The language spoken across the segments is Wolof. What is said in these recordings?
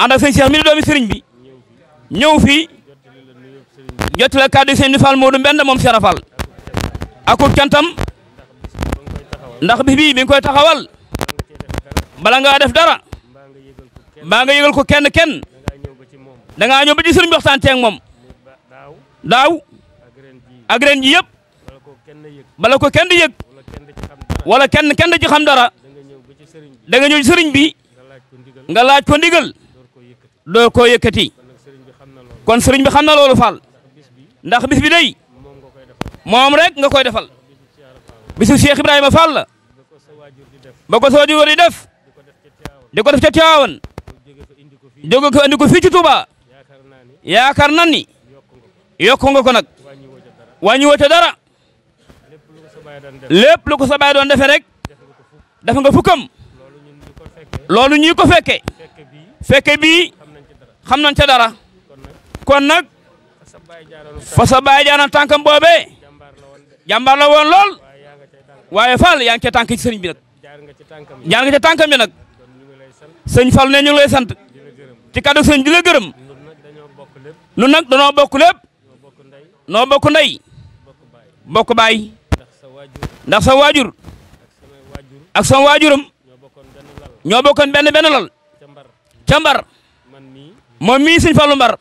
ànd ak sëñ Cheikh mi di doomi sëriñ bi ñëw fii jotti la kàddu sëñ Fall Modou Mbend moom Cheikh Fall akub cantam ndax bi bii bi nga koy taxawal bala ngaa def dara baa nga yëgal ko kenn kenn da ngaa ñëw ba ci sëriñ bi waxtaan teeg moom daaw ak ren ji yëpp bala ko kenn di yëg wala kenn kenn di ci xam dara da nga ñëw ci sëriñ bi nga laaj ko ndigal doo ko yëkkati kon sëriñ bi xam na loolu Fall ndax bis bi day moom rek nga koy defal bisu Cheikh Ibrahima Fall la ba ko sa waajur di def di ko def ca Tiwaawan jóge ko andi ko fii ci Touba yaakaar nan ni yokku nga ko nag wàññiwoo ca dara lépp lu ko sa baay doon defee rek def nga fukkam loolu ñuy ko fekke fekke bii xam nañ ca dara kon nak fa sa baay jaaroon tànkam boobee jàmbaar la woon lol waye fal yaa ngi ca tànk ci serigne bi nak jaar nga ca tànkam bi ya nag sëñ Fall ne ñu lay ci bi la gërëm nu nag danoo bokk lépp no bokku ndey bokku baye ndax sa wajur ak sa wajurum ño bokkon ben ben lal ca mbar man ni moom mii sëñ Fallou Mbar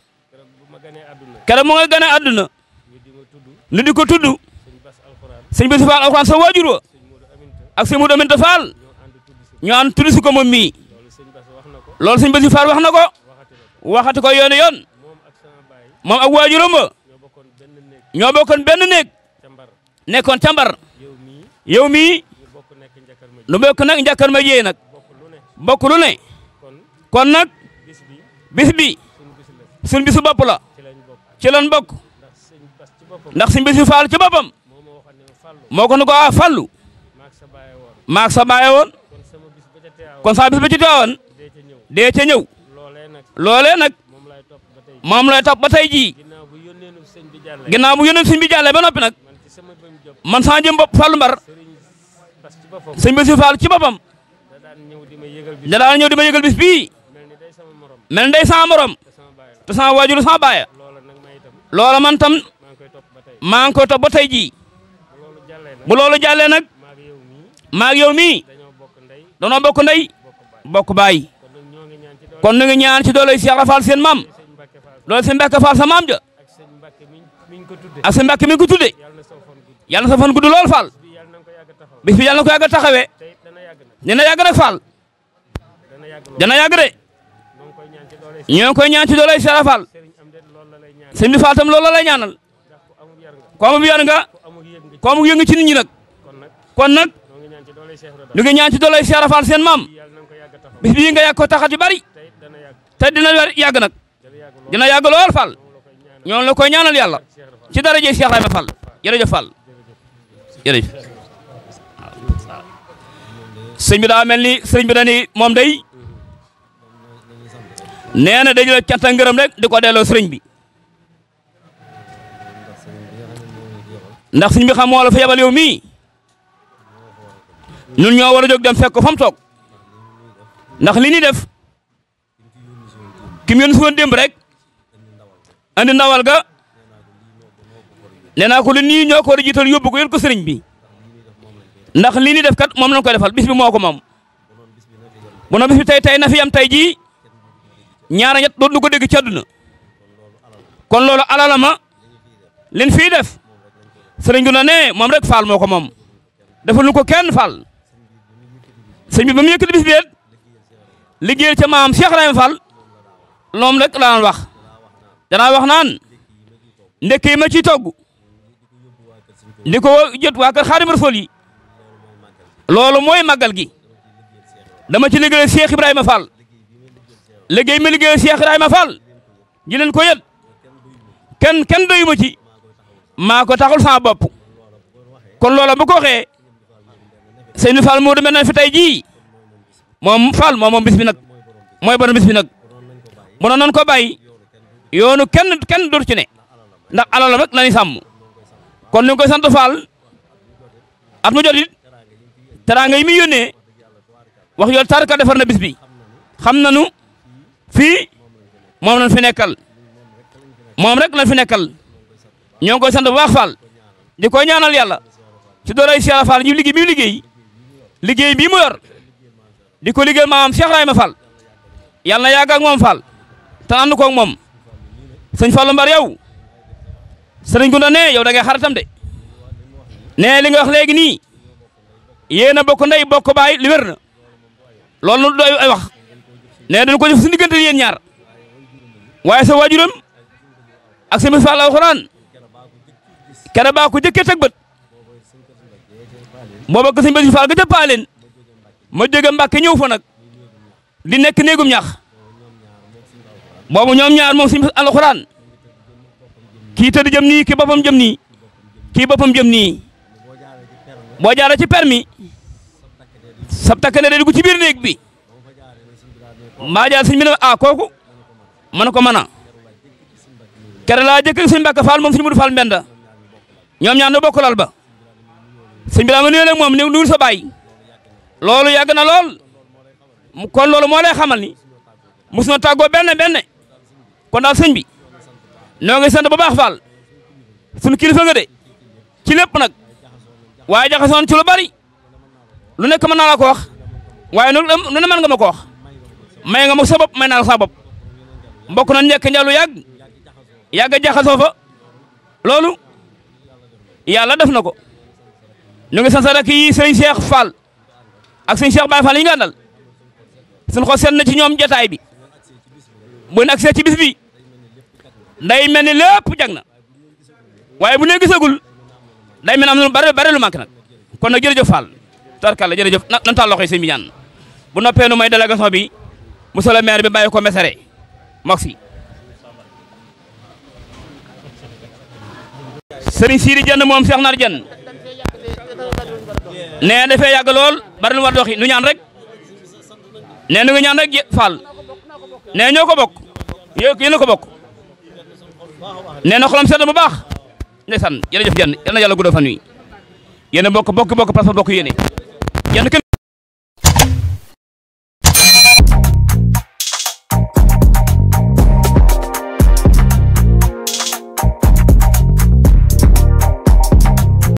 keroog mu nga gane àdduna ñu di ko tudd sëñ Bass Fall alxuraan sa waajur wa ak sëñ Modou Aminta Fall ñu ànd tudd si ko moom mii loolu sëñ Bass Fall wax na ko waxati ko yoon yoon moom ak waajuram ba ñoo bokkoon benn néeg nekkoon càmbar yow mii nu bokk nag njàkkar ma jéey nag bokk lu ne kon nag bis bi suñ bisu bopp la ci lañ bokk ndax suñ bisu faal ci boppam moo ko nu ko a ah fàllu maak sa baaye woon kon saa bis ba ci teewoon dee ca ñëw loolee nag moom lay topp ba tey jii ginnaaw bu yónneen suñ bi jàllee ba noppi nag man saa jëm bopp fàllu mbar suñ bisu faal ci boppam da daan ñëw di ma yëgal bis bii mende ndey pesawat morom te sama waajur sama baay ya? lolo man tam maa ngi koy topp ji bu lolo jalle nak mag yow mi danoo bok nday bok bay kon nga ñaan ci doole Cheikh Rafal sen mam loolu sen Mbàkke fal sa mam ja ak sen mi ko tudde yalla sa fan guddul lol fal bis bi yalla ko dana yag ñoo ngi koy ñaan ci doolay Sëriñ Fall sëñ bi Fall tam loolu la lay ñaanal ko amul yar nga ko amul yëngu ci nit ñi nag kon nag ñu ngi ñaan ci doolay Sëriñ Fall seen maam bis bii nga yàgg ko taxat yu bari te dina yàgg nag dina yàgg lool Fall ñoo la koy ñaanal yàlla ci daraje Cheikh Rahma Fall jërëjëf Fall jërëjëf sëñ bi daa ni sëñ bi dañuy moom day nee na dañu la canta ngërëm rek di ko delloo sëriñ bi ndax sëriñ bi xam moo la fa yebal yow ñoo war a dem fekk ko fa mu toog ndax li ñuy def ki mu yónni si woon rek andi ndawal ga nee naa ko li nii ñoo ko war a yóbbu ko yóbbu ko sëriñ ndax li ñuy def kat moom lañ ko defal bis bi moo ko moom bu noonu bis bi na fi am tey jii. ñaara ñett dootuñu ko dégg ci kon loolu alalama leen fii def sëriñ bi na ne moom rek faal moo ko moom dafa ko kenn faal sëñ bi ba mu yëkkati ca maam Cheikh Ibrahima Fall loom rek laa wax danaa wax naan ndekk ma ciy togg di ko jot waa kër Xaadimu Rasuul loolu mooy màggal gi dama ci liggéeyal Cheikh Ibrahima Fall liggéey ma liggéey Cheikh Ibrahima Fall ji leen ko yët kenn kenn doyu ci maa ko taxul sama bopp kon loola bu ko waxee Seyni Fall moo demee na fi tey jii moom Fall moom moom bis bi nag mooy borom bis bi nag mënoon nañu ko bàyyi yoonu kenn kenn dur ci ne ndax alalam rek la ñuy sàmm kon ñu ngi koy sant Fall at mu jot it teraanga yi muy yónnee wax yoon tarka defar na bis bi xam nañu fii moom lañ fi nekkal moom rek lañ fi nekkal ñoo ngi koy sant bu baax Fall di ko ñaanal yàlla ci doolay Cheikh Fall ñu liggéey bi mu liggéey liggéey bii mu di ko liggéeyal maam Cheikh Rahima Fall yàlla na yàgg ak moom Fall te ànd koog moom sëñ Fallou Mbar yow sëriñ Gunda ne yow da ngay xaritam de ne li nga wax léegi nii yéen a bokk ndey bokk baay li wér na loolu doy wax. nee dañ ko def suñu diggante yéen ñaar waaye sa waajuram ak sa misfaal alxuraan kene baa ko jëkkee teg bët booba ko sëñ Faal ga ca Paaleen ma jóge ñëw fa nag di nekk néegum ñax boobu ñoom ñaar moom sëñ alxuraan kii tëdd jëm nii kii boppam jëm nii kii boo jaaree ci permis sab takk ne day dugg ci biir néeg bi maa jaa sëñ bi ne ah ko mën a kere laa jëkk sëñ Mbàkke Fall moom Mudu Fall Mbenda ñoom na bokk ba sëñ bi la ma neele mom neul sa bay lolou yag na lool kon lolou mo lay xamal ni musna na tàggoo benn benn kon daal sëñ bi no ngi sant bu baax fal sunu kilifa nga de ci lepp nak waaye jaxason ci lu bari lu nek man na la ko wax nu ne nga mako wax. may nga ma sa bopp may naa sa bopp na njëkk njalu yàgg yàgg a jaxasoo fa loolu yàlla def na ko ñu ngi sansa rek yi sëñ Cheikh Fall ak sëñ Cheikh Baye Fall yi ñu àndal suñ ko seet na ci ñoom jotaay bi bu ñu agsee ci bis bi nday mel ni lépp jag na waaye bu ne gisagul day mel am na lu bare bare lu manqué nag kon na jërëjëf Fall tarkalla jërëjëf nan taal loxo yi sëñ bi ñaan bu noppee nu may délégation bi monsieur le maire bi bayiko ko maxi mag fi sëriñ Sidi Dieng moom Cheikh Nar Dieng nee dafee yag lool bari lu war doxi nu ñaan rek nee nu ñaan rek Fall nee ñoko bok bokk yéen yéen ko bokk nee na xolam sedd bu baax ndeysaan yalla jëf jenn yalla yalla guddal fan wi yene bok bok bok parce que yene